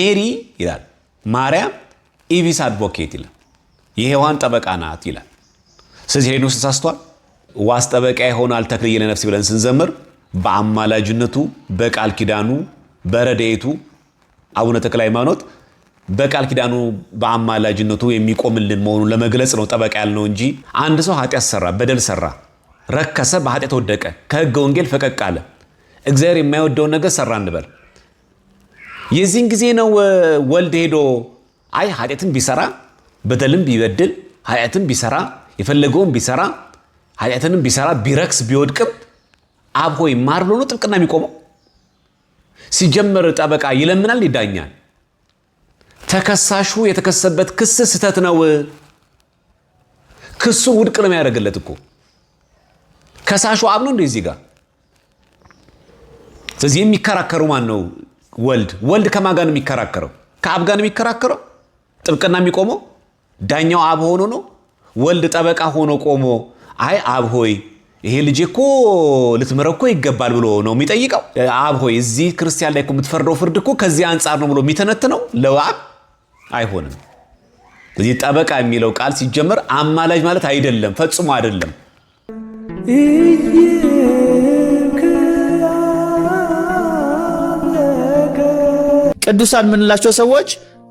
ሜሪ ይላል። ማርያም ኢቪስ አድቮኬት ይላል። የሔዋን ጠበቃ ናት ይላል። ስለዚህ ሌኖስ ተሳስቷል። ዋስ ጠበቃ ይሆናል ተክልዬ ለነፍሴ ብለን ስንዘምር በአማላጅነቱ በቃል ኪዳኑ በረድኤቱ አቡነ ተክለ ሃይማኖት በቃል ኪዳኑ በአማላጅነቱ የሚቆምልን መሆኑን ለመግለጽ ነው ጠበቃ ያልነው እንጂ አንድ ሰው ኃጢአት ሰራ፣ በደል ሰራ፣ ረከሰ፣ በኃጢአት ወደቀ፣ ከህገ ወንጌል ፈቀቅ አለ፣ እግዚአብሔር የማይወደውን ነገር ሰራ እንበል የዚህን ጊዜ ነው ወልድ ሄዶ አይ ኃጢአትን ቢሰራ በደልም ቢበድል ኃጢአትን ቢሰራ የፈለገውን ቢሰራ ኃጢአትንም ቢሰራ ቢረክስ ቢወድቅም አብ ሆይ ማር ብሎ ነው ጥብቅና የሚቆመው። ሲጀመር ጠበቃ ይለምናል፣ ይዳኛል። ተከሳሹ የተከሰበት ክስ ስህተት ነው። ክሱ ውድቅ ነው የሚያደርግለት እኮ ከሳሹ አብ ነው እንደዚህ ጋር። ስለዚህ የሚከራከሩ ማን ነው? ወልድ ወልድ ከማን ጋር ነው የሚከራከረው? ከአብ ጋር ነው የሚከራከረው። ጥብቅና የሚቆመው ዳኛው አብ ሆኖ ነው። ወልድ ጠበቃ ሆኖ ቆሞ አይ አብ ሆይ ይሄ ልጅ እኮ ልትምረው እኮ ይገባል ብሎ ነው የሚጠይቀው። አብ ሆይ እዚህ ክርስቲያን ላይ የምትፈርደው ፍርድ እኮ ከዚህ አንጻር ነው ብሎ የሚተነትነው ለአብ አይሆንም። እዚህ ጠበቃ የሚለው ቃል ሲጀመር አማላጅ ማለት አይደለም፣ ፈጽሞ አይደለም። ቅዱሳን የምንላቸው ሰዎች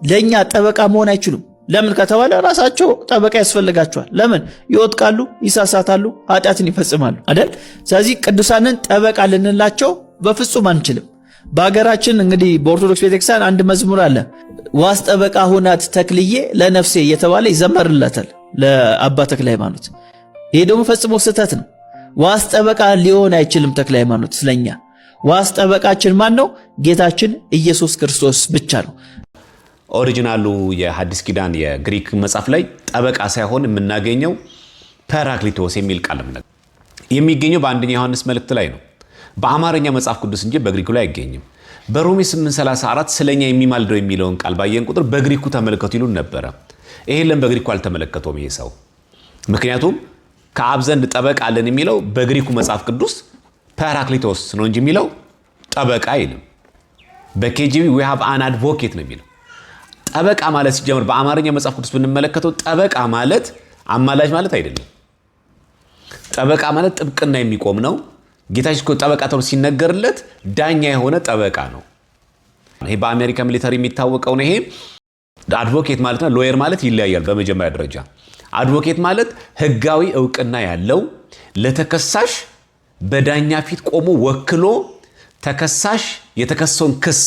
ለእኛ ጠበቃ መሆን አይችሉም። ለምን ከተባለ ራሳቸው ጠበቃ ያስፈልጋቸዋል። ለምን ይወጥቃሉ፣ ይሳሳታሉ፣ ኃጢአትን ይፈጽማሉ አይደል? ስለዚህ ቅዱሳንን ጠበቃ ልንላቸው በፍጹም አንችልም። በሀገራችን እንግዲህ በኦርቶዶክስ ቤተክርስቲያን አንድ መዝሙር አለ። ዋስ ጠበቃ ሁናት ተክልዬ ለነፍሴ እየተባለ ይዘመርለታል ለአባ ተክለ ሃይማኖት። ይሄ ደግሞ ፈጽሞ ስህተት ነው። ዋስ ጠበቃ ሊሆን አይችልም ተክለ ሃይማኖት ስለኛ ዋስ ጠበቃችን ማን ነው? ጌታችን ኢየሱስ ክርስቶስ ብቻ ነው። ኦሪጂናሉ የሐዲስ ኪዳን የግሪክ መጽሐፍ ላይ ጠበቃ ሳይሆን የምናገኘው ፐራክሊቶስ የሚል ቃል የሚገኘው በአንደኛ ዮሐንስ መልእክት ላይ ነው። በአማርኛ መጽሐፍ ቅዱስ እንጂ በግሪኩ ላይ አይገኝም። በሮሜ 834 ስለኛ የሚማልደው የሚለውን ቃል ባየን ቁጥር በግሪኩ ተመለከቱ ይሉን ነበረ። ይሄ ለም በግሪኩ አልተመለከተውም ይሄ ሰው ምክንያቱም ከአብ ዘንድ ጠበቃ አለን የሚለው በግሪኩ መጽሐፍ ቅዱስ ፓራክሊቶስ ነው እንጂ የሚለው ጠበቃ አይልም። በኬጂቢ ዊ ሃቭ አን አድቮኬት ነው የሚለው። ጠበቃ ማለት ሲጀምር በአማርኛ መጽሐፍ ቅዱስ ብንመለከተው ጠበቃ ማለት አማላጅ ማለት አይደለም። ጠበቃ ማለት ጥብቅና የሚቆም ነው። ጌታ ጠበቃ ተብሎ ሲነገርለት ዳኛ የሆነ ጠበቃ ነው። ይሄ በአሜሪካ ሚሊተሪ የሚታወቀው ነው። ይሄ አድቮኬት ማለት ነው። ሎየር ማለት ይለያያል። በመጀመሪያ ደረጃ አድቮኬት ማለት ህጋዊ እውቅና ያለው ለተከሳሽ በዳኛ ፊት ቆሞ ወክሎ ተከሳሽ የተከሰውን ክስ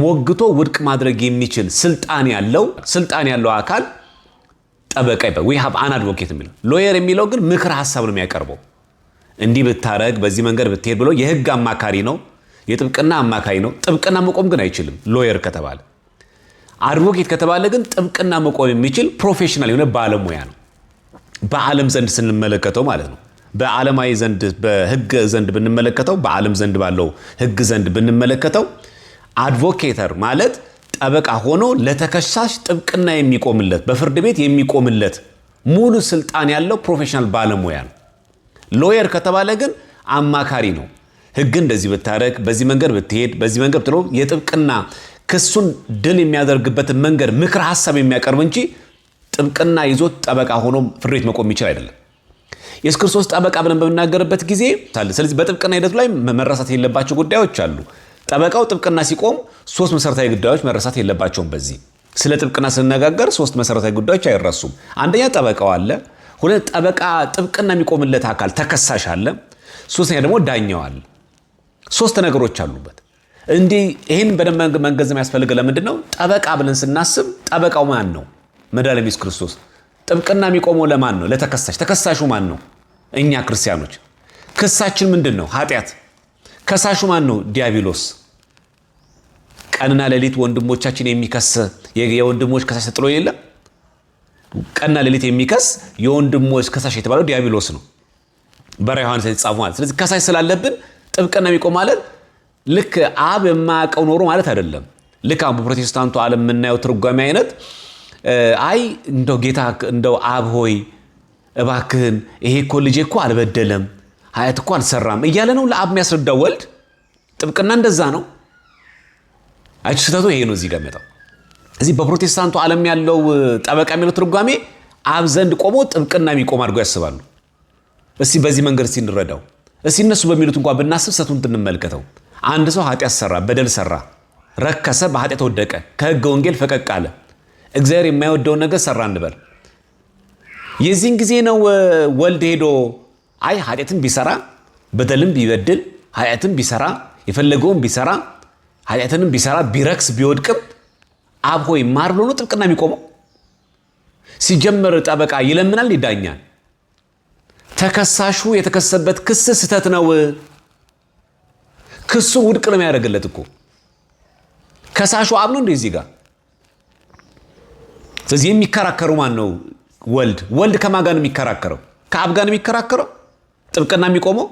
ሞግቶ ውድቅ ማድረግ የሚችል ስልጣን ያለው ስልጣን ያለው አካል ጠበቃ ይበ ዊ አን አድቮኬት የሚለው ሎየር የሚለው ግን ምክር ሀሳብ ነው የሚያቀርበው። እንዲህ ብታረግ፣ በዚህ መንገድ ብትሄድ ብሎ የህግ አማካሪ ነው፣ የጥብቅና አማካሪ ነው። ጥብቅና መቆም ግን አይችልም። ሎየር ከተባለ አድቮኬት ከተባለ ግን ጥብቅና መቆም የሚችል ፕሮፌሽናል የሆነ ባለሙያ ነው፣ በዓለም ዘንድ ስንመለከተው ማለት ነው። በዓለማዊ ዘንድ በህግ ዘንድ ብንመለከተው በዓለም ዘንድ ባለው ህግ ዘንድ ብንመለከተው አድቮኬተር ማለት ጠበቃ ሆኖ ለተከሳሽ ጥብቅና የሚቆምለት በፍርድ ቤት የሚቆምለት ሙሉ ስልጣን ያለው ፕሮፌሽናል ባለሙያ ነው። ሎየር ከተባለ ግን አማካሪ ነው። ህግ እንደዚህ ብታረግ፣ በዚህ መንገድ ብትሄድ፣ በዚህ መንገድ ብትሎ የጥብቅና ክሱን ድል የሚያደርግበትን መንገድ ምክር ሀሳብ የሚያቀርብ እንጂ ጥብቅና ይዞት ጠበቃ ሆኖ ፍርድ ቤት መቆም ይችል አይደለም። የሱስ ክርስቶስ ጠበቃ ብለን በምናገርበት ጊዜ ስለዚህ በጥብቅና ሂደቱ ላይ መረሳት የለባቸው ጉዳዮች አሉ። ጠበቃው ጥብቅና ሲቆም ሶስት መሰረታዊ ጉዳዮች መረሳት የለባቸውም። በዚህ ስለ ጥብቅና ስንነጋገር ሶስት መሰረታዊ ጉዳዮች አይረሱም። አንደኛ ጠበቃው አለ። ሁለት ጠበቃ ጥብቅና የሚቆምለት አካል ተከሳሽ አለ። ሶስተኛ ደግሞ ዳኛው አለ። ሶስት ነገሮች አሉበት። እንዲህ ይህን በደንብ መንገዝ የሚያስፈልገ ለምንድን ነው? ጠበቃ ብለን ስናስብ ጠበቃው ማን ነው? መድኃኔዓለም ኢየሱስ ክርስቶስ ጥብቅና የሚቆመው ለማን ነው? ለተከሳሽ። ተከሳሹ ማን ነው? እኛ ክርስቲያኖች። ክሳችን ምንድን ነው? ኃጢአት። ከሳሹ ማን ነው? ዲያብሎስ። ቀንና ሌሊት ወንድሞቻችን የሚከስ የወንድሞች ከሳሽ ተጥሎ የለም። ቀንና ሌሊት የሚከስ የወንድሞች ከሳሽ የተባለው ዲያብሎስ ነው፣ በራ ዮሐንስ የተጻፉ ማለት። ስለዚህ ከሳሽ ስላለብን ጥብቅና የሚቆም ማለት ልክ አብ የማያውቀው ኖሮ ማለት አይደለም። ልክ አሁን በፕሮቴስታንቱ ዓለም የምናየው ትርጓሜ አይነት አይ እንደው ጌታ እንደው አብ ሆይ እባክህን ይሄ እኮ ልጄ እኮ አልበደለም ኃጢአት እኮ አልሰራም እያለ ነው ለአብ የሚያስረዳው ወልድ። ጥብቅና እንደዛ ነው። አይቱ ስህተቱ ይሄ ነው። እዚህ ጋር እዚህ በፕሮቴስታንቱ ዓለም ያለው ጠበቃ የሚለው ትርጓሜ አብ ዘንድ ቆሞ ጥብቅና የሚቆም አድርጎ ያስባሉ። እስቲ በዚህ መንገድ እስቲ እንረዳው። እስቲ እነሱ በሚሉት እንኳን ብናስብ ሰቱን እንመልከተው። አንድ ሰው ኃጢአት ሰራ፣ በደል ሰራ፣ ረከሰ፣ በኃጢአት ወደቀ፣ ከህገ ወንጌል ፈቀቅ አለ። እግዚአብሔር የማይወደውን ነገር ሰራ እንበል። የዚህን ጊዜ ነው ወልድ ሄዶ አይ ኃጢአትን ቢሰራ በደልም ቢበድል ኃጢአትን ቢሰራ የፈለገውን ቢሰራ ኃጢአትንም ቢሰራ ቢረክስ ቢወድቅም አብ ሆይ ማር ብሎ ነው ጥብቅና የሚቆመው። ሲጀመር ጠበቃ ይለምናል ይዳኛል። ተከሳሹ የተከሰበት ክስ ስህተት ነው። ክሱ ውድቅ ነው የሚያደርግለት እኮ ከሳሹ አብ ነው እንደዚህ ጋር ስለዚህ የሚከራከሩ ማን ነው? ወልድ ወልድ ከማን ጋር ነው የሚከራከረው? ከአብ ጋር ነው የሚከራከረው። ጥብቅና የሚቆመው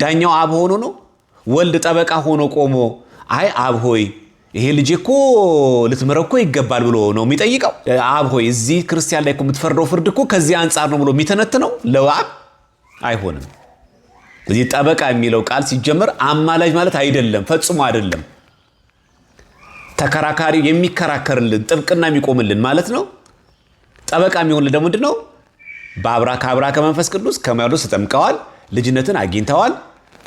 ዳኛው አብ ሆኖ ነው። ወልድ ጠበቃ ሆኖ ቆሞ አይ አብ ሆይ ይሄ ልጅ እኮ ልትምረው እኮ ይገባል ብሎ ነው የሚጠይቀው። አብ ሆይ እዚህ ክርስቲያን ላይ የምትፈርደው ፍርድ እኮ ከዚህ አንጻር ነው ብሎ የሚተነትነው ለአብ አይሆንም። ስለዚህ ጠበቃ የሚለው ቃል ሲጀመር አማላጅ ማለት አይደለም፣ ፈጽሞ አይደለም። ተከራካሪ የሚከራከርልን ጥብቅና የሚቆምልን ማለት ነው። ጠበቃ የሚሆንልን ደግሞ ምንድን ነው? በአብራ ከአብራ ከመንፈስ ቅዱስ ከማያዶስ ተጠምቀዋል፣ ልጅነትን አግኝተዋል፣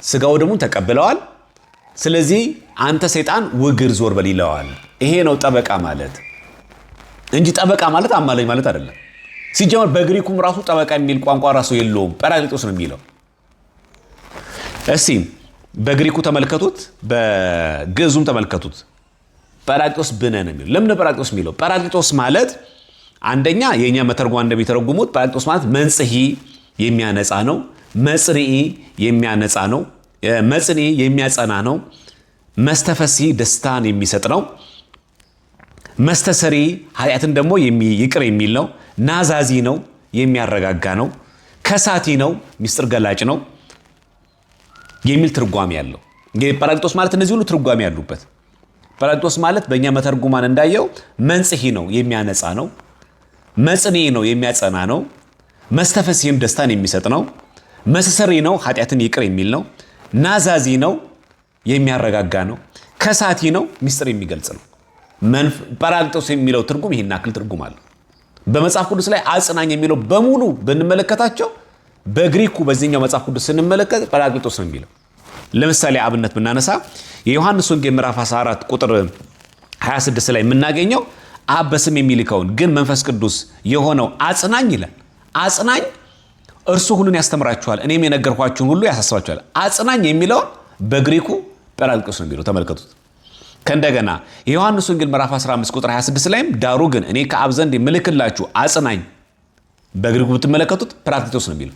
ስጋው ደግሞ ተቀብለዋል። ስለዚህ አንተ ሰይጣን ውግር ዞር በል ይለዋል። ይሄ ነው ጠበቃ ማለት እንጂ ጠበቃ ማለት አማላኝ ማለት አይደለም። ሲጀመር በግሪኩም ራሱ ጠበቃ የሚል ቋንቋ ራሱ የለውም። ጰራቅሊጦስ ነው የሚለው። እስቲ በግሪኩ ተመልከቱት፣ በግዕዙም ተመልከቱት። ጰራቅሊጦስ ብነ ነው የሚለው። ለምን ጰራቅሊጦስ የሚለው? ጰራቅሊጦስ ማለት አንደኛ የእኛ መተርጓ እንደሚተረጉሙት ጰራቅሊጦስ ማለት መንጽሂ የሚያነጻ ነው። መጽርኢ የሚያነጻ ነው። መጽንዒ የሚያጸና ነው። መስተፈሲ ደስታን የሚሰጥ ነው። መስተሰሪ ኃጢአትን ደግሞ ይቅር የሚል ነው። ናዛዚ ነው፣ የሚያረጋጋ ነው። ከሳቲ ነው፣ ሚስጥር ገላጭ ነው የሚል ትርጓሜ ያለው ጰራቅሊጦስ ማለት እነዚህ ሁሉ ትርጓሜ ያሉበት ጰራቅሊጦስ ማለት በእኛ መተርጉማን እንዳየው መንጽሄ ነው፣ የሚያነጻ ነው። መጽኔ ነው፣ የሚያጸና ነው። መስተፈሲህም ደስታን የሚሰጥ ነው። መስሰሪ ነው፣ ኃጢአትን ይቅር የሚል ነው። ናዛዚ ነው፣ የሚያረጋጋ ነው። ከሳቲ ነው፣ ሚስጥር የሚገልጽ ነው። ጰራቅሊጦስ የሚለው ትርጉም ይህን ያክል ትርጉም አለው። በመጽሐፍ ቅዱስ ላይ አጽናኝ የሚለው በሙሉ ብንመለከታቸው በግሪኩ በዚህኛው መጽሐፍ ቅዱስ ስንመለከት ጰራቅሊጦስ ነው የሚለው ለምሳሌ አብነት ብናነሳ የዮሐንስ ወንጌል ምዕራፍ 14 ቁጥር 26 ላይ የምናገኘው አብ በስም የሚልከውን ግን መንፈስ ቅዱስ የሆነው አጽናኝ ይላል። አጽናኝ እርሱ ሁሉን ያስተምራችኋል፣ እኔም የነገርኳችሁን ሁሉ ያሳስባችኋል። አጽናኝ የሚለውን በግሪኩ ጰራቅሊጦስ ነው የሚለው ተመልከቱት። ከእንደገና የዮሐንስ ወንጌል ምዕራፍ 15 ቁጥር 26 ላይም ዳሩ ግን እኔ ከአብ ዘንድ የምልክላችሁ አጽናኝ በግሪኩ ብትመለከቱት ጰራቅሊጦስ ነው የሚለው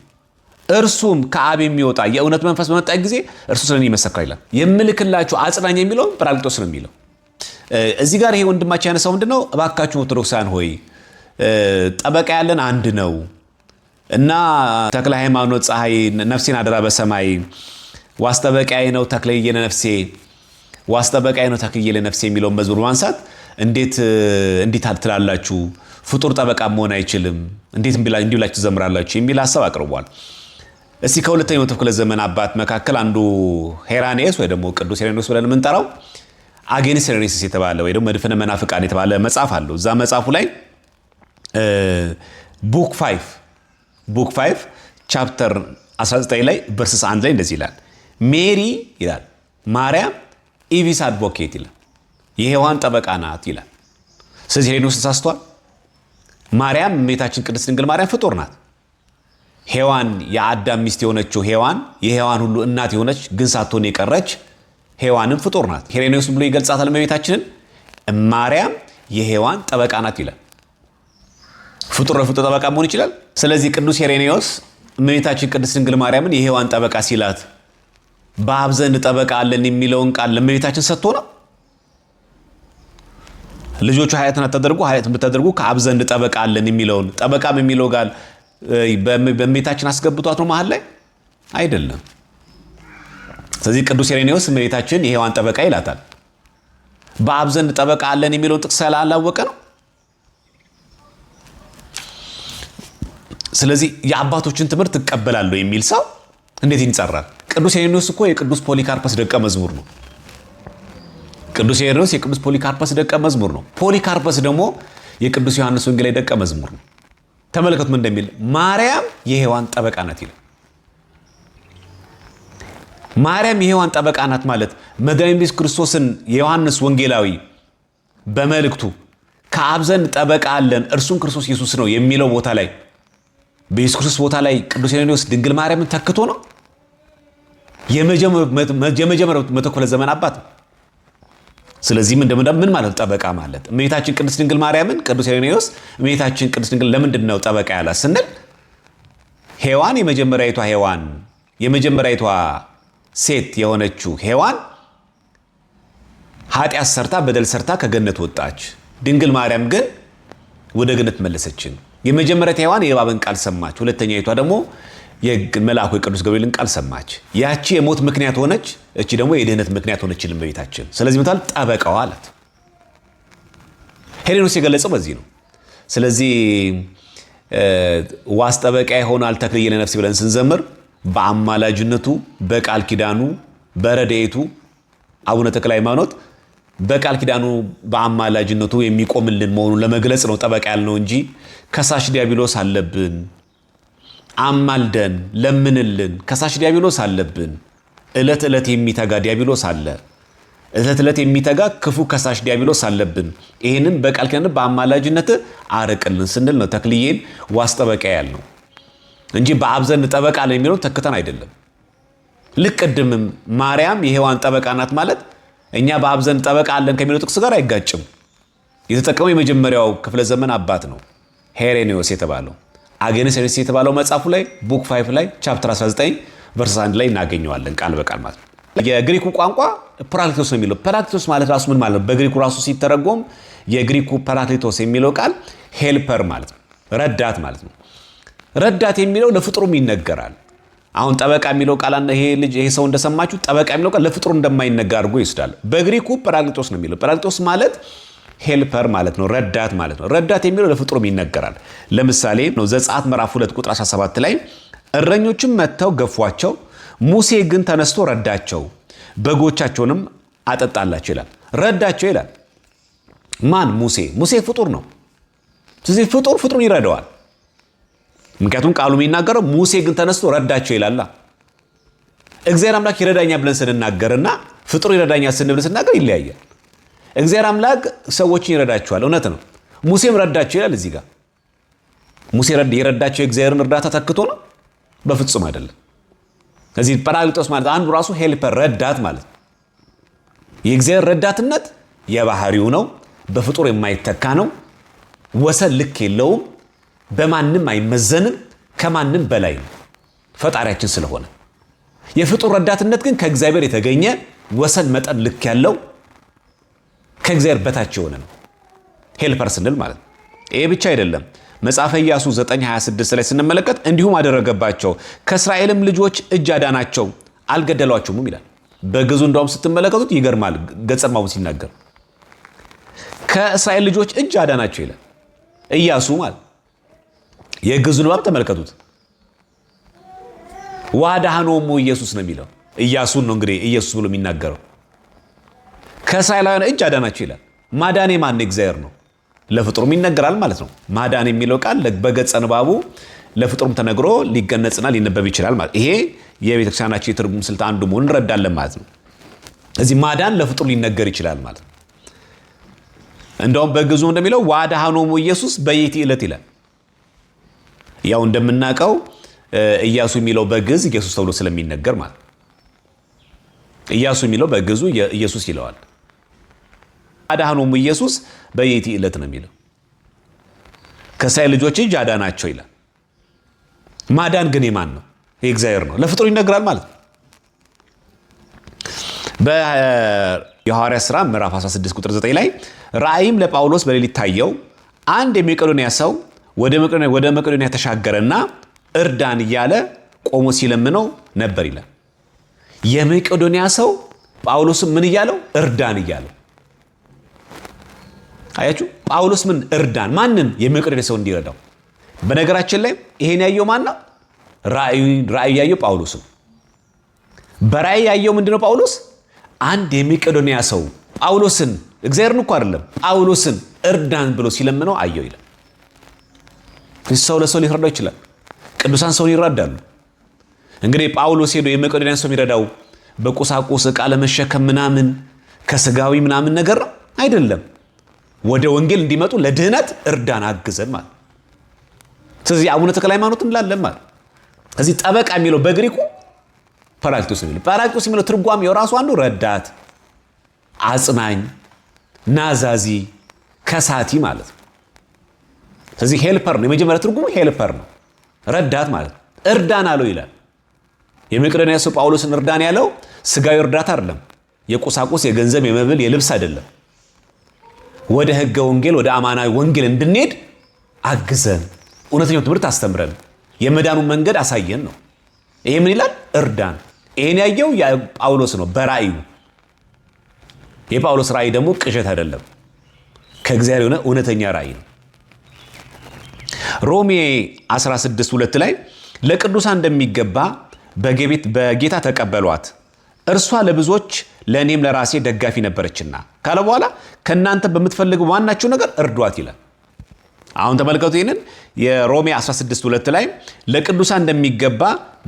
እርሱም ከአብ የሚወጣ የእውነት መንፈስ በመጣ ጊዜ እርሱ ስለ እኔ ይመሰክራል ይላል። የምልክላችሁ አጽናኝ የሚለውም ጰራቅሊጦስ ነው የሚለው። እዚህ ጋር ይሄ ወንድማችን ያነሳው ምንድን ነው? እባካችሁ ኦርቶዶክሳን ሆይ ጠበቃ ያለን አንድ ነው እና ተክለ ሃይማኖት ፀሐይ ነፍሴን አደራ በሰማይ ዋስጠበቃዬ ነው ተክለዬ ለነፍሴ ዋስጠበቃዬ ነው ተክለዬ ነፍሴ የሚለውን መዝሙር ማንሳት እንዴት እንዲህ ትላላችሁ? ፍጡር ጠበቃ መሆን አይችልም። እንዴት እንዲላችሁ ትዘምራላችሁ? የሚል ሀሳብ አቅርቧል። እስቲ ከሁለተኛው መቶ ክፍለ ዘመን አባት መካከል አንዱ ሄራኔስ ወይ ደግሞ ቅዱስ ሄራኔስ ብለን የምንጠራው አጌኒስ ሄራኔሲስ የተባለ ወይ ደግሞ መድፍነ መናፍቃን የተባለ መጽሐፍ አለው። እዛ መጽሐፉ ላይ ቡክ ፋይቭ ቡክ ፋይቭ ቻፕተር 19 ላይ ቨርስስ 1 ላይ እንደዚህ ይላል። ሜሪ ይላል ማርያም ኢቪስ አድቮኬት ይላል የሔዋን ጠበቃ ናት ይላል። ስለዚህ ሄሬኖስ ተሳስቷል። ማርያም እመቤታችን ቅድስት ድንግል ማርያም ፍጡር ናት። ሔዋን የአዳም ሚስት የሆነችው ሔዋን የሔዋን ሁሉ እናት የሆነች ግን ሳትሆን የቀረች ሔዋንም ፍጡር ናት። ሄሬኔዎስ ብሎ ይገልጻታል። መቤታችንን ማርያም የሔዋን ጠበቃ ናት ይላል። ፍጡር ለፍጡር ጠበቃ መሆን ይችላል። ስለዚህ ቅዱስ ሄሬኔዎስ እመቤታችን ቅድስት ድንግል ማርያምን የሔዋን ጠበቃ ሲላት በአብ ዘንድ ጠበቃ አለን የሚለውን ቃል ለእመቤታችን ሰጥቶ ነው። ልጆቹ ሀያት ናት ተደርጎ ሀያት ብታደርጉ ከአብ ዘንድ ጠበቃ አለን የሚለውን ጠበቃም የሚለው ቃል በእመቤታችን አስገብቷት ነው መሀል ላይ አይደለም። ስለዚህ ቅዱስ ሬኔዎስ እመቤታችን የሔዋን ጠበቃ ይላታል። በአብ ዘንድ ጠበቃ አለን የሚለውን ጥቅስ ስላላወቀ ነው። ስለዚህ የአባቶችን ትምህርት እቀበላለሁ የሚል ሰው እንዴት ይንጸራል? ቅዱስ ኢሬኔዎስ እኮ የቅዱስ ፖሊካርፐስ ደቀ መዝሙር ነው። ቅዱስ ኢሬኔዎስ የቅዱስ ፖሊካርፐስ ደቀ መዝሙር ነው። ፖሊካርፐስ ደግሞ የቅዱስ ዮሐንስ ወንጌላይ ደቀ መዝሙር ነው። ተመልከቱ እንደሚል ማርያም የሔዋን ጠበቃ ናት ይላል። ማርያም የሔዋን ጠበቃ ናት ማለት መድኃኒተ ኢየሱስ ክርስቶስን የዮሐንስ ወንጌላዊ በመልእክቱ ከአብ ዘንድ ጠበቃ አለን እርሱም ክርስቶስ ኢየሱስ ነው የሚለው ቦታ ላይ በኢየሱስ ክርስቶስ ቦታ ላይ ቅዱስ ሄኖስ ድንግል ማርያምን ተክቶ ነው የመጀመሪያው መተኮለ ዘመን አባት ስለዚህም እንደምንዳ ምን ማለት ጠበቃ ማለት እመቤታችን ቅዱስ ድንግል ማርያምን ቅዱስ ሄሬኔዎስ እመቤታችን ቅዱስ ድንግል ለምንድን ነው ጠበቃ ያላት ስንል ሔዋን የመጀመሪያዊቷ ሔዋን የመጀመሪያዊቷ ሴት የሆነችው ሔዋን ኃጢአት ሰርታ በደል ሰርታ ከገነት ወጣች። ድንግል ማርያም ግን ወደ ገነት መለሰችን። የመጀመሪያ ሔዋን የእባብን ቃል ሰማች። ሁለተኛዊቷ ደግሞ መልአኩ የቅዱስ ገብርኤልን ቃል ሰማች። ያቺ የሞት ምክንያት ሆነች፣ እቺ ደግሞ የድህነት ምክንያት ሆነችልን በቤታችን። ስለዚህ ምታል ጠበቃዋ አላት። ሄሌኖስ የገለጸው በዚህ ነው። ስለዚህ ዋስ ጠበቃ ይሆናል ተክልየ ለነፍሴ ብለን ስንዘምር በአማላጅነቱ በቃል ኪዳኑ በረድኤቱ አቡነ ተክለ ሃይማኖት በቃል ኪዳኑ በአማላጅነቱ የሚቆምልን መሆኑን ለመግለጽ ነው ጠበቃ ያልነው እንጂ ከሳሽ ዲያብሎስ አለብን አማልደን ለምንልን። ከሳሽ ዲያብሎስ አለብን። ዕለት ዕለት የሚተጋ ዲያብሎስ አለ። ዕለት ዕለት የሚተጋ ክፉ ከሳሽ ዲያብሎስ አለብን። ይህንም በቃል ኪዳን በአማላጅነት አርቅልን ስንል ነው ተክልዬን ዋስ ጠበቃ ያል ነው እንጂ በአብዘን ጠበቃ ነው የሚለው ተክተን አይደለም። ልክ ቅድምም ማርያም የሔዋን ጠበቃ ናት ማለት እኛ በአብዘን ጠበቃ አለን ከሚለው ጥቅስ ጋር አይጋጭም። የተጠቀመው የመጀመሪያው ክፍለ ዘመን አባት ነው ሄሬኔዎስ የተባለው። አጌንስ ሄሬሲ የተባለው መጽሐፉ ላይ ቡክ ፋይፍ ላይ ቻፕተር 19 ቨርስ 1 ላይ እናገኘዋለን ቃል በቃል ማለት ነው። የግሪኩ ቋንቋ ፐራክሊቶስ ነው የሚለው ፐራክሊቶስ ማለት ራሱ ምን ማለት ነው? በግሪኩ ራሱ ሲተረጎም የግሪኩ ፐራክሊቶስ የሚለው ቃል ሄልፐር ማለት ነው፣ ረዳት ማለት ነው። ረዳት የሚለው ለፍጥሩም ይነገራል። አሁን ጠበቃ የሚለው ቃል ይሄ ልጅ ይሄ ሰው እንደሰማችሁ ጠበቃ የሚለው ቃል ለፍጥሩ እንደማይነገር አድርጎ ይወስዳል። በግሪኩ ፐራክሊቶስ ነው የሚለው ፐራክሊቶስ ማለት ሄልፐር ማለት ነው፣ ረዳት ማለት ነው። ረዳት የሚለው ለፍጡሩም ይነገራል። ለምሳሌ ነው ዘጸአት ምዕራፍ 2 ቁጥር 17 ላይ እረኞችም መጥተው ገፏቸው፣ ሙሴ ግን ተነስቶ ረዳቸው፣ በጎቻቸውንም አጠጣላቸው ይላል። ረዳቸው ይላል። ማን? ሙሴ። ሙሴ ፍጡር ነው። ስለዚህ ፍጡር ፍጡሩን ይረዳዋል። ምክንያቱም ቃሉ የሚናገረው ሙሴ ግን ተነስቶ ረዳቸው ይላላ። እግዚአብሔር አምላክ ይረዳኛ ብለን ስንናገርና ፍጡር ይረዳኛ ስንብል ስናገር ይለያያል። እግዚአብሔር አምላክ ሰዎችን ይረዳቸዋል። እውነት ነው። ሙሴም ረዳቸው ይላል እዚህ ጋር። ሙሴ የረዳቸው የእግዚአብሔርን እርዳታ ተክቶ ነው? በፍጹም አይደለም። እዚህ ጰራቅሊጦስ ማለት አንዱ ራሱ ሄልፐር ረዳት ማለት ነው። የእግዚአብሔር ረዳትነት የባህሪው ነው። በፍጡር የማይተካ ነው። ወሰን ልክ የለውም። በማንም አይመዘንም። ከማንም በላይ ነው ፈጣሪያችን ስለሆነ። የፍጡር ረዳትነት ግን ከእግዚአብሔር የተገኘ ወሰን መጠን ልክ ያለው ከእግዚአብሔር በታች የሆነ ነው። ሄልፐር ስንል ማለት ነው። ይሄ ብቻ አይደለም። መጽሐፈ ኢያሱ 9:26 ላይ ስንመለከት እንዲሁም አደረገባቸው፣ ከእስራኤልም ልጆች እጅ አዳናቸው፣ አልገደሏቸውም ይላል። በግዙ እንደውም ስትመለከቱት ይገርማል። ገጸማው ሲናገር ከእስራኤል ልጆች እጅ አዳናቸው ይላል ኢያሱ ማለት የግዙ ንባብ ተመልከቱት። ዋዳህኖሙ ኢየሱስ ነው የሚለው ኢያሱን ነው እንግዲህ ኢየሱስ ብሎ የሚናገረው ከእስራኤላውያን እጅ አዳናቸው ይላል። ማዳኔ ማን እግዚአብሔር ነው። ለፍጡሩም ይነገራል ማለት ነው። ማዳን የሚለው ቃል በገጸ ንባቡ ለፍጡሩም ተነግሮ ሊገነጽና ሊነበብ ይችላል ማለት ይሄ የቤተክርስቲያናችን የትርጉም ስልት አንዱ መሆኑን እንረዳለን ማለት ነው። እዚህ ማዳን ለፍጡር ሊነገር ይችላል ማለት ነው። እንደውም በግዙ እንደሚለው ዋዳሃኖሙ ኢየሱስ በይቲ ዕለት ይላል። ያው እንደምናውቀው ኢያሱ የሚለው በግዝ ኢየሱስ ተብሎ ስለሚነገር ማለት ነው። ኢያሱ የሚለው በግዙ ኢየሱስ ይለዋል። አዳህኖሙ ኢየሱስ በየቲ ዕለት ነው የሚለው። ከእስራኤል ልጆች እጅ አዳናቸው ይላል። ማዳን ግን የማን ነው? የእግዚአብሔር ነው። ለፍጥሩ ይነግራል ማለት ነው። በሐዋርያ ሥራ ምዕራፍ 16 ቁጥር 9 ላይ ራእይም ለጳውሎስ በሌሊት ታየው፣ አንድ የመቄዶንያ ሰው ወደ መቄዶንያ ተሻገረና እርዳን እያለ ቆሞ ሲለምነው ነበር ይላል። የመቄዶንያ ሰው ጳውሎስም ምን እያለው? እርዳን እያለው አያችሁ ጳውሎስ ምን እርዳን ማንን የመቅደል ሰው እንዲረዳው በነገራችን ላይ ይሄን ያየው ማን ነው ራእዩ ያየው ጳውሎስ ነው በራእይ ያየው ምንድነው ጳውሎስ አንድ የመቄዶንያ ሰው ጳውሎስን እግዚአብሔርን እኮ አይደለም ጳውሎስን እርዳን ብሎ ሲለምነው አየው ይላል ሰው ለሰው ሊረዳው ይችላል ቅዱሳን ሰውን ይረዳሉ እንግዲህ ጳውሎስ ሄዶ የመቄዶንያን ሰው የሚረዳው በቁሳቁስ እቃ ለመሸከም ምናምን ከስጋዊ ምናምን ነገር አይደለም ወደ ወንጌል እንዲመጡ ለድህነት እርዳን፣ አግዘን ማለት። ስለዚህ አቡነ ተክለ ሃይማኖት እንላለን ማለት። እዚህ ጠበቃ የሚለው በግሪኩ ፓራክቶስ የሚለው ፓራክቶስ የሚለው ትርጓሚ የራሱ አንዱ ረዳት፣ አጽናኝ፣ ናዛዚ፣ ከሳቲ ማለት ነው። ስለዚህ ሄልፐር ነው። የመጀመሪያ ትርጉሙ ሄልፐር ነው፣ ረዳት ማለት እርዳን አለው ይላል። የመቄዶንያ ሰው ጳውሎስን እርዳን ያለው ስጋዊ እርዳታ አይደለም። የቁሳቁስ የገንዘብ የመብል የልብስ አይደለም። ወደ ህገ ወንጌል ወደ አማናዊ ወንጌል እንድንሄድ አግዘን፣ እውነተኛው ትምህርት አስተምረን፣ የመዳኑን መንገድ አሳየን ነው። ይህ ምን ይላል? እርዳን። ይህን ያየው ጳውሎስ ነው በራእዩ። የጳውሎስ ራእይ ደግሞ ቅዠት አይደለም፣ ከእግዚአብሔር የሆነ እውነተኛ ራእይ ነው። ሮሜ 16 2 ላይ ለቅዱሳን እንደሚገባ በጌታ ተቀበሏት፣ እርሷ ለብዙዎች ለእኔም ለራሴ ደጋፊ ነበረችና ካለ በኋላ ከእናንተ በምትፈልገው ዋናችሁ ነገር እርዷት ይላል። አሁን ተመልከቱ ይህንን የሮሜ 16 ሁለት ላይ ለቅዱሳ እንደሚገባ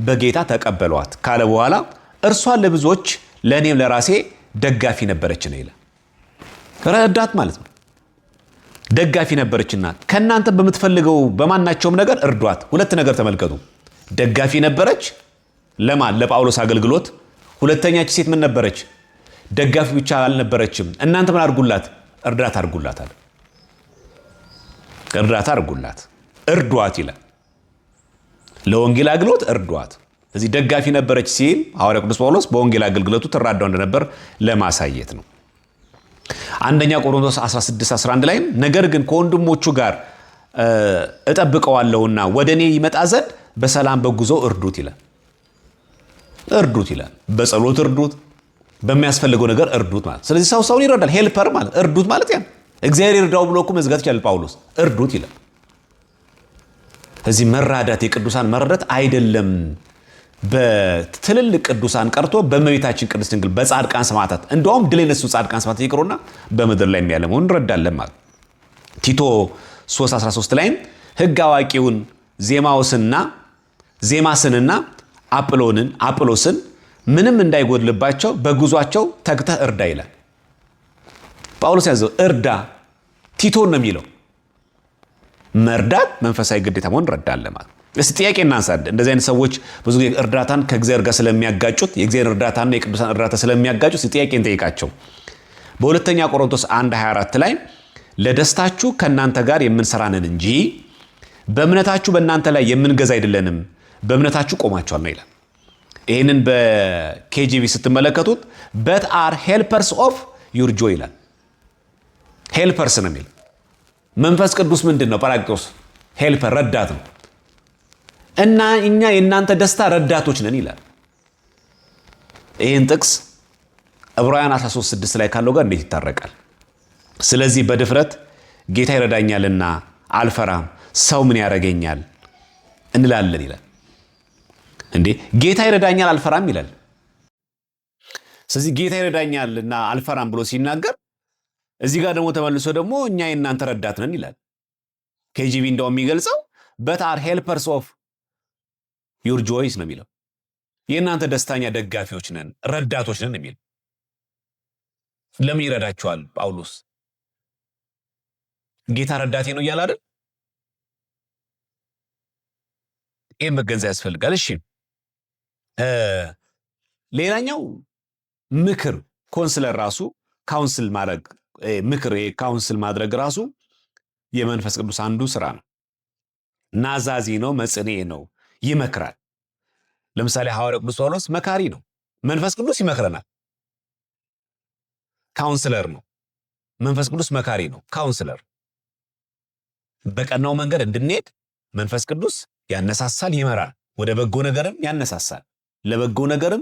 በጌታ ተቀበሏት ካለ በኋላ እርሷን ለብዙዎች ለእኔም ለራሴ ደጋፊ ነበረች ነው ይለ ረዳት ማለት ነው። ደጋፊ ነበረችና ከእናንተ በምትፈልገው በማናቸውም ነገር እርዷት። ሁለት ነገር ተመልከቱ። ደጋፊ ነበረች ለማን? ለጳውሎስ አገልግሎት። ሁለተኛች ሴት ምን ነበረች? ደጋፊ ብቻ አልነበረችም። እናንተ ምን አድርጉላት? እርዳታ አድርጉላታል። እርዳታ አድርጉላት፣ እርዷት ይላል። ለወንጌል አገልግሎት እርዷት። እዚህ ደጋፊ ነበረች ሲል ሐዋርያ ቅዱስ ጳውሎስ በወንጌል አገልግሎቱ ትራዳው እንደነበር ለማሳየት ነው። አንደኛ ቆሮንቶስ 16 11 ላይም ነገር ግን ከወንድሞቹ ጋር እጠብቀዋለሁና ወደ እኔ ይመጣ ዘንድ በሰላም በጉዞ እርዱት ይላል። እርዱት ይላል። በጸሎት እርዱት፣ በሚያስፈልገው ነገር እርዱት ማለት። ስለዚህ ሰው ሰውን ይረዳል። ሄልፐር ማለት እርዱት ማለት ያ እግዚአብሔር ይርዳው ብሎ እኮ መዝጋት ይችላል። ጳውሎስ እርዱት ይላል። እዚህ መራዳት የቅዱሳን መረዳት አይደለም። በትልልቅ ቅዱሳን ቀርቶ በመቤታችን ቅድስት ድንግል በጻድቃን ሰማዕታት፣ እንደውም ድል የነሱ ጻድቃን ሰማዕታት ይቅሩና በምድር ላይ ያለ መሆኑን እንረዳለን ማለት ቲቶ 3፥13 ላይም ህግ አዋቂውን ዜማውስና ዜማስንና አጵሎንን አጵሎስን ምንም እንዳይጎድልባቸው በጉዟቸው ተግተህ እርዳ ይላል ጳውሎስ። ያዘው እርዳ ቲቶን ነው የሚለው። መርዳት መንፈሳዊ ግዴታ መሆን ረዳለ ማለት እስቲ ጥያቄ እናንሳለን። እንደዚህ አይነት ሰዎች ብዙ ጊዜ እርዳታን ከእግዚአብሔር ጋር ስለሚያጋጩት የእግዚአብሔር እርዳታና የቅዱሳን እርዳታ ስለሚያጋጩት ጥያቄ እንጠይቃቸው። በሁለተኛ ቆሮንቶስ 1 24 ላይ ለደስታችሁ ከእናንተ ጋር የምንሰራንን እንጂ በእምነታችሁ በእናንተ ላይ የምንገዛ አይደለንም፣ በእምነታችሁ ቆማችኋል ነው ይላል። ይህንን በኬጂቪ ስትመለከቱት በት አር ሄልፐርስ ኦፍ ዩርጆ ይላል። ሄልፐርስ ነው የሚል መንፈስ ቅዱስ ምንድን ነው? ጳራቅዮስ ሄልፐር ረዳት ነው እና እኛ የእናንተ ደስታ ረዳቶች ነን ይላል። ይህን ጥቅስ ዕብራውያን 13፥6 ላይ ካለው ጋር እንዴት ይታረቃል? ስለዚህ በድፍረት ጌታ ይረዳኛልና አልፈራም፣ ሰው ምን ያደርገኛል እንላለን ይላል። እንዴ ጌታ ይረዳኛል አልፈራም ይላል። ስለዚህ ጌታ ይረዳኛል እና አልፈራም ብሎ ሲናገር እዚህ ጋር ደግሞ ተመልሶ ደግሞ እኛ የእናንተ ረዳት ነን ይላል። ኬጂቪ እንደው የሚገልጸው በታር ሄልፐርስ ኦፍ ዩር ጆይስ ነው የሚለው የእናንተ ደስታኛ ደጋፊዎች ነን፣ ረዳቶች ነን የሚል ለምን ይረዳቸዋል ጳውሎስ? ጌታ ረዳቴ ነው እያለ አይደል? ይህም መገንዘብ ያስፈልጋል። እሺ ሌላኛው ምክር ኮንስለር ራሱ ካውንስል ማድረግ ምክር ካውንስል ማድረግ ራሱ የመንፈስ ቅዱስ አንዱ ስራ ነው። ናዛዚ ነው፣ መጽኔ ነው፣ ይመክራል። ለምሳሌ ሐዋር ቅዱስ ጳውሎስ መካሪ ነው። መንፈስ ቅዱስ ይመክረናል። ካውንስለር ነው። መንፈስ ቅዱስ መካሪ ነው፣ ካውንስለር። በቀናው መንገድ እንድንሄድ መንፈስ ቅዱስ ያነሳሳል፣ ይመራል፣ ወደ በጎ ነገርም ያነሳሳል። ለበጎ ነገርም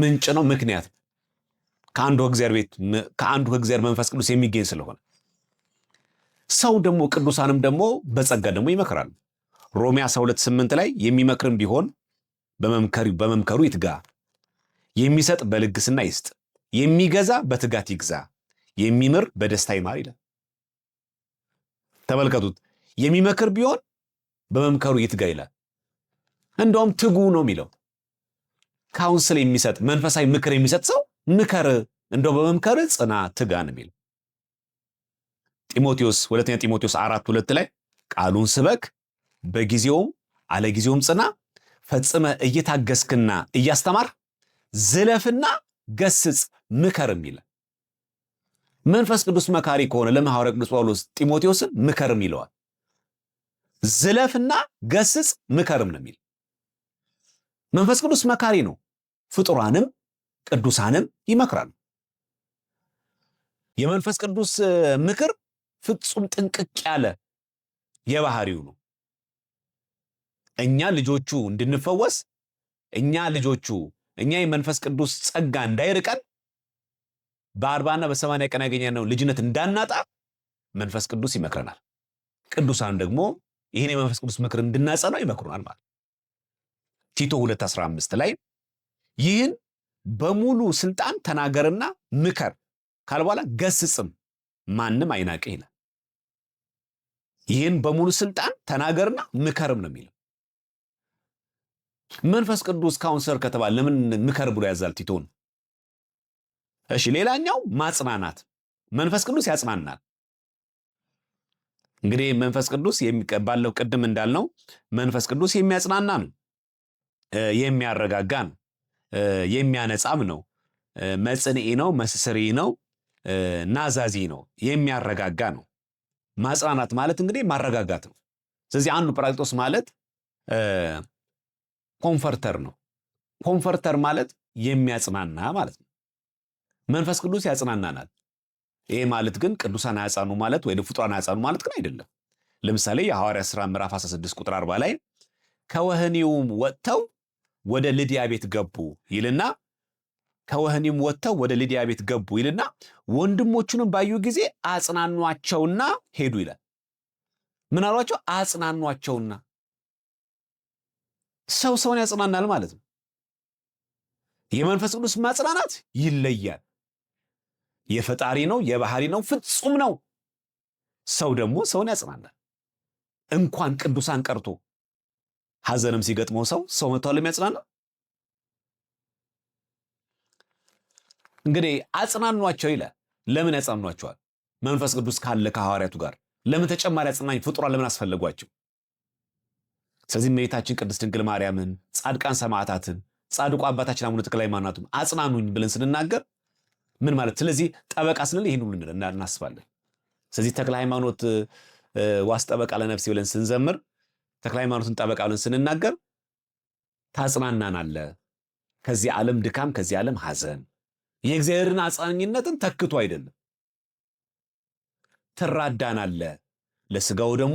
ምንጭ ነው፣ ምክንያት ከአንዱ እግዚአብሔር ቤት ከአንዱ እግዚአብሔር መንፈስ ቅዱስ የሚገኝ ስለሆነ ሰው ደግሞ ቅዱሳንም ደግሞ በጸጋ ደግሞ ይመክራሉ። ሮሜ 12፥8 ላይ የሚመክርም ቢሆን በመምከሩ ይትጋ፣ የሚሰጥ በልግስና ይስጥ፣ የሚገዛ በትጋት ይግዛ፣ የሚምር በደስታ ይማር ይላል። ተመልከቱት። የሚመክር ቢሆን በመምከሩ ይትጋ ይላል። እንደውም ትጉ ነው የሚለው ካውንስል የሚሰጥ መንፈሳዊ ምክር የሚሰጥ ሰው ምከር፣ እንደው በመምከር ጽና፣ ትጋ ነው የሚል ጢሞቴዎስ ሁለተኛ ጢሞቴዎስ አራት ሁለት ላይ ቃሉን ስበክ፣ በጊዜውም አለጊዜውም ጽና፣ ፈጽመ እየታገስክና እያስተማር ዝለፍና ገስጽ፣ ምከር የሚል መንፈስ ቅዱስ መካሪ ከሆነ ለሐዋርያ ቅዱስ ጳውሎስ ጢሞቴዎስን ምከርም ይለዋል። ዝለፍና ገስጽ ምከርም ነው የሚል መንፈስ ቅዱስ መካሪ ነው። ፍጡራንም ቅዱሳንም ይመክራሉ። የመንፈስ ቅዱስ ምክር ፍጹም ጥንቅቅ ያለ የባህሪው ነው። እኛ ልጆቹ እንድንፈወስ እኛ ልጆቹ እኛ የመንፈስ ቅዱስ ጸጋ እንዳይርቀን በአርባና በሰማንያ ቀን ያገኘነው ልጅነት እንዳናጣ መንፈስ ቅዱስ ይመክረናል። ቅዱሳን ደግሞ ይህን የመንፈስ ቅዱስ ምክር እንድናጸናው ይመክሩናል ማለት ቲቶ 2:15 ላይ ይህን በሙሉ ስልጣን ተናገርና ምከር ካልበኋላ ገስጽም ማንም አይናቅ ይላል። ይህን በሙሉ ስልጣን ተናገርና ምከርም ነው የሚለው። መንፈስ ቅዱስ ካውንሰር ከተባለ ለምን ምከር ብሎ ያዛል ቲቶን? እሺ ሌላኛው ማጽናናት፣ መንፈስ ቅዱስ ያጽናናል። እንግዲህ መንፈስ ቅዱስ ባለው ቅድም እንዳልነው መንፈስ ቅዱስ የሚያጽናና ነው፣ የሚያረጋጋ ነው። የሚያነጻም ነው። መጽንዒ ነው፣ መስስሪ ነው፣ ናዛዚ ነው፣ የሚያረጋጋ ነው። ማጽናናት ማለት እንግዲህ ማረጋጋት ነው። ስለዚህ አንዱ ጰራቅሊጦስ ማለት ኮንፈርተር ነው። ኮንፈርተር ማለት የሚያጽናና ማለት ነው። መንፈስ ቅዱስ ያጽናናናል። ይሄ ማለት ግን ቅዱሳን አያጻኑ ማለት ወይ ፍጡራን አያጻኑ ማለት ግን አይደለም። ለምሳሌ የሐዋርያ ሥራ ምዕራፍ 16 ቁጥር 40 ላይ ከወህኒውም ወጥተው ወደ ልድያ ቤት ገቡ ይልና ከወህኒም ወጥተው ወደ ልድያ ቤት ገቡ ይልና ወንድሞቹንም ባዩ ጊዜ አጽናኗቸውና ሄዱ ይላል። ምን አሏቸው? አጽናኗቸውና። ሰው ሰውን ያጽናናል ማለት ነው። የመንፈስ ቅዱስ ማጽናናት ይለያል። የፈጣሪ ነው፣ የባህሪ ነው፣ ፍጹም ነው። ሰው ደግሞ ሰውን ያጽናናል። እንኳን ቅዱሳን ቀርቶ ሐዘንም ሲገጥመው ሰው ሰው መጥቷል የሚያጽናና እንግዲህ አጽናኗቸው ይለ ለምን ያጽናኗቸዋል? መንፈስ ቅዱስ ካለ ከሐዋርያቱ ጋር ለምን ተጨማሪ አጽናኝ ፍጡራን ለምን አስፈለጓቸው? ስለዚህ እመቤታችን ቅድስት ድንግል ማርያምን፣ ጻድቃን ሰማዕታትን፣ ጻድቁ አባታችን አቡነ ተክለ ሃይማኖትም አጽናኑኝ ብለን ስንናገር ምን ማለት ስለዚህ ጠበቃ ስንል ይህን ሁሉ እናስባለን። ስለዚህ ተክለ ሃይማኖት ዋስ ጠበቃ ለነፍሴ ብለን ስንዘምር ተክለ ሃይማኖትን ጠበቃ ብለን ስንናገር ታጽናናናለ ከዚህ ዓለም ድካም፣ ከዚህ ዓለም ሐዘን የእግዚአብሔርን አጽናኝነትን ተክቶ አይደለም። ትራዳናለ ለስጋው ደግሞ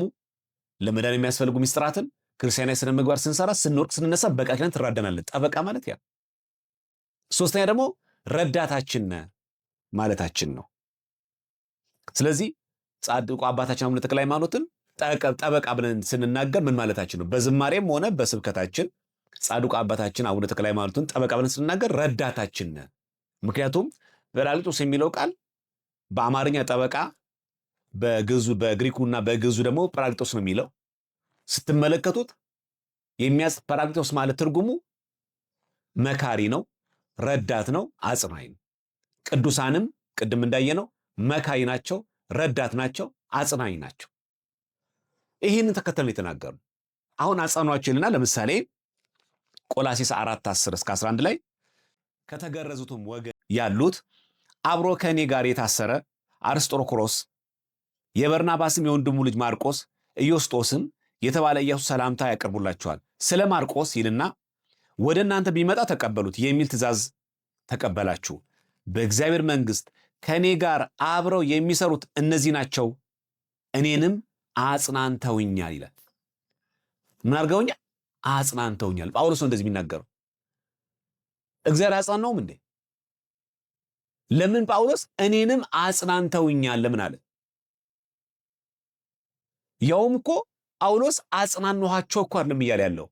ለመዳን የሚያስፈልጉ ሚስጥራትን ክርስቲያናዊ ስነ ምግባር ስንሰራ፣ ስንወርቅ፣ ስንነሳ በቃ ኪነን ትራዳናለን። ጠበቃ ማለት ያ። ሶስተኛ ደግሞ ረዳታችን ማለታችን ነው። ስለዚህ ጻድቁ አባታችን አቡነ ተክለ ሃይማኖትን ጠበቃ ብለን ስንናገር ምን ማለታችን ነው? በዝማሬም ሆነ በስብከታችን ጻድቁ አባታችን አቡነ ተክለ ሃይማኖትን ጠበቃ ብለን ስንናገር ረዳታችን ምክንያቱም በላሊጦስ የሚለው ቃል በአማርኛ ጠበቃ፣ በግዙ በግሪኩና በግዙ ደግሞ ጰራቅሊጦስ ነው የሚለው ስትመለከቱት የሚያስ ጰራቅሊጦስ ማለት ትርጉሙ መካሪ ነው፣ ረዳት ነው፣ አጽናኝ ነው። ቅዱሳንም ቅድም እንዳየ ነው መካሪ ናቸው፣ ረዳት ናቸው፣ አጽናኝ ናቸው። ይህንን ተከተልን የተናገሩ አሁን አጸኗቸውልና ለምሳሌ ቆላሲስ አራት አስር እስከ 11 ላይ ከተገረዙትም ወገን ያሉት አብሮ ከእኔ ጋር የታሰረ አርስጦሮክሮስ የበርናባስም የወንድሙ ልጅ ማርቆስ ኢዮስጦስም የተባለ ኢየሱስ ሰላምታ ያቀርቡላቸዋል። ስለ ማርቆስ ይልና ወደ እናንተ ቢመጣ ተቀበሉት የሚል ትእዛዝ ተቀበላችሁ። በእግዚአብሔር መንግሥት ከእኔ ጋር አብረው የሚሰሩት እነዚህ ናቸው፣ እኔንም አጽናንተውኛል ይላል። ምን አድርገውኛል? አጽናንተውኛል። ጳውሎስ እንደዚህ የሚናገረው። እግዚአብሔር አያጽናናውም እንዴ? ለምን ጳውሎስ እኔንም አጽናንተውኛል ለምን አለ? ያውም እኮ ጳውሎስ አጽናንኋቸው እኮ አይደለም እያለ ያለው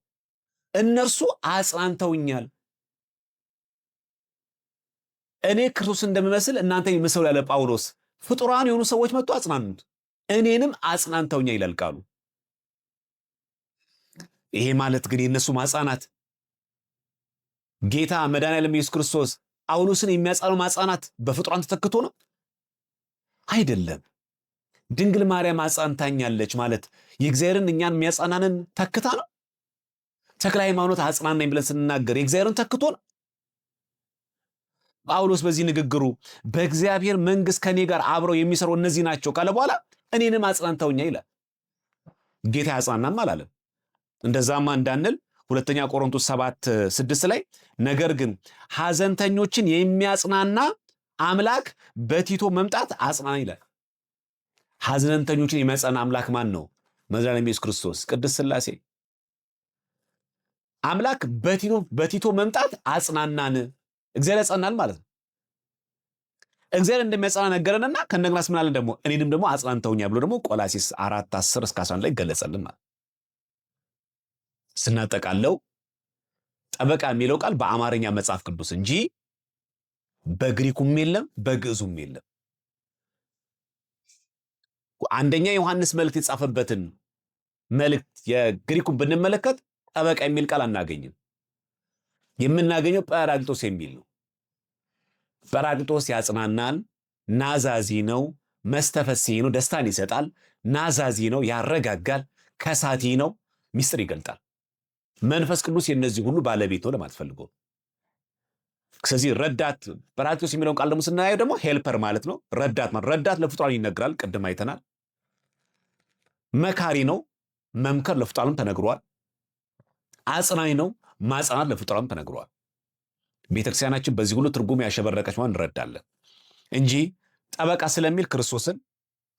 እነርሱ አጽናንተውኛል። እኔ ክርስቶስ እንደምመስል እናንተ የምሰሉ ያለ ጳውሎስ ፍጡራን የሆኑ ሰዎች መጥቶ አጽናኑት። እኔንም አጽናንተውኛ ይላል ቃሉ። ይሄ ማለት ግን የእነሱ ማጽናት ጌታ መድኃኔዓለም ኢየሱስ ክርስቶስ ጳውሎስን የሚያጻነው ማጽናት በፍጡራን ተተክቶ ነው አይደለም። ድንግል ማርያም አጽናንታኛለች ማለት የእግዚአብሔርን እኛን የሚያጽናናንን ተክታ ነው። ተክለ ሃይማኖት አጽናናኝ ብለን ስንናገር የእግዚአብሔርን ተክቶ ነው። ጳውሎስ በዚህ ንግግሩ በእግዚአብሔር መንግሥት ከኔ ጋር አብረው የሚሰሩ እነዚህ ናቸው ካለ በኋላ እኔንም አጽናንተውኛ ይላል። ጌታ ያጽናናም አላለም። እንደዛማ እንዳንል ሁለተኛ ቆሮንቶስ ሰባት ስድስት ላይ ነገር ግን ሐዘንተኞችን የሚያጽናና አምላክ በቲቶ መምጣት አጽናና ይላል። ሐዘንተኞችን የሚያጽናና አምላክ ማን ነው? መድኃኒያችን ኢየሱስ ክርስቶስ፣ ቅድስት ሥላሴ አምላክ በቲቶ መምጣት አጽናናን። እግዚአብሔር ያጽናናል ማለት ነው። እግዚአብሔር እንደሚያጸና ነገረንና ከነግናስ ምናለን ደግሞ እኔንም ደግሞ አጽናንተውኛ ብሎ ደግሞ ቆላሲስ አራት አስር እስከ አስራ አንድ ላይ ገለጸልን ማለት ስናጠቃለው ጠበቃ የሚለው ቃል በአማርኛ መጽሐፍ ቅዱስ እንጂ በግሪኩም የለም በግዕዙም የለም። አንደኛ ዮሐንስ መልእክት የጻፈበትን መልእክት የግሪኩን ብንመለከት ጠበቃ የሚል ቃል አናገኝም። የምናገኘው ጰራቅሊጦስ የሚል ነው። በራቅጦስ ያጽናናል፣ ናዛዚ ነው፣ መስተፈሲ ነው፣ ደስታን ይሰጣል። ናዛዚ ነው፣ ያረጋጋል። ከሳቲ ነው፣ ሚስጥር ይገልጣል። መንፈስ ቅዱስ የእነዚህ ሁሉ ባለቤት ነው ለማለት ፈልጎ። ስለዚህ ረዳት በራቅጦስ የሚለውን ቃል ደግሞ ስናየው ደግሞ ሄልፐር ማለት ነው። ረዳት ማለት ረዳት ለፍጡራን ይነግራል፣ ቅድም አይተናል። መካሪ ነው፣ መምከር ለፍጡራንም ተነግሯል። አጽናኝ ነው፣ ማጽናት ለፍጡራንም ተነግሯል። ቤተክርስቲያናችን በዚህ ሁሉ ትርጉም ያሸበረቀች መሆን እንረዳለን እንጂ ጠበቃ ስለሚል ክርስቶስን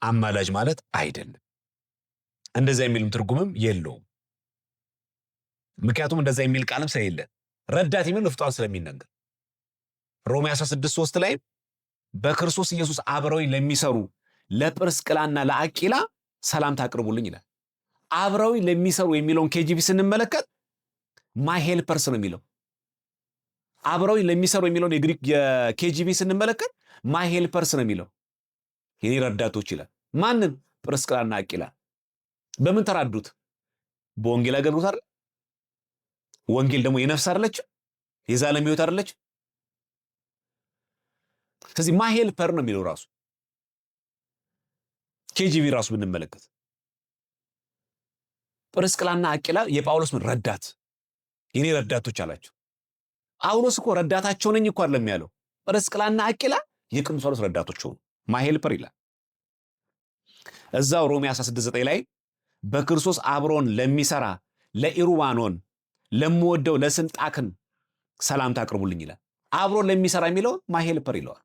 አማላጅ ማለት አይደለም። እንደዛ የሚልም ትርጉምም የለውም። ምክንያቱም እንደዛ የሚል ቃልም ስለሌለ ረዳት የሚል ፍጧን ስለሚነገር ሮሜ 16 3 ላይ በክርስቶስ ኢየሱስ አብረው ለሚሰሩ ለጵርስቅላና ለአቂላ ሰላምታ አቅርቡልኝ ይላል። አብረው ለሚሰሩ የሚለውን ኬጂቢ ስንመለከት ማይ ሄልፐርስ ነው የሚለው አብረው ለሚሰሩ የሚለውን የግሪክ የኬጂቢ ስንመለከት ማይ ሄልፐርስ ነው የሚለው የኔ ረዳቶች ይላል። ማንን? ጵርስቅላና አቂላ። በምን ተራዱት? በወንጌል አገልግሎት አለ። ወንጌል ደግሞ የነፍስ አለች፣ የዛለም ህይወት አለች። ስለዚህ ማይ ሄልፐር ነው የሚለው ራሱ ኬጂቢ ራሱ ብንመለከት ጵርስቅላና አቂላ የጳውሎስ ምን ረዳት የኔ ረዳቶች አላቸው። ጳውሎስ እኮ ረዳታቸው ነኝ እኮ አይደለም ያለው። ጵርስቅላና አቂላ የቅዱስ ጳውሎስ ረዳቶች ሆኑ። ማሄልፐር ይላል እዛው ሮሜ 16፥9 ላይ በክርስቶስ አብሮን ለሚሰራ ለኢሩባኖን ለምወደው ለስንጣክን ሰላምታ አቅርቡልኝ ይላል። አብሮን ለሚሰራ የሚለው ማሄልፐር ይለዋል።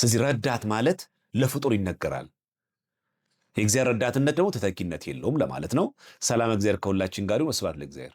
ስለዚህ ረዳት ማለት ለፍጡር ይነገራል። የእግዚአብሔር ረዳትነት ደግሞ ተተኪነት የለውም ለማለት ነው። ሰላም እግዚአብሔር ከሁላችን ጋር ይሁን። ስብሐት ለእግዚአብሔር።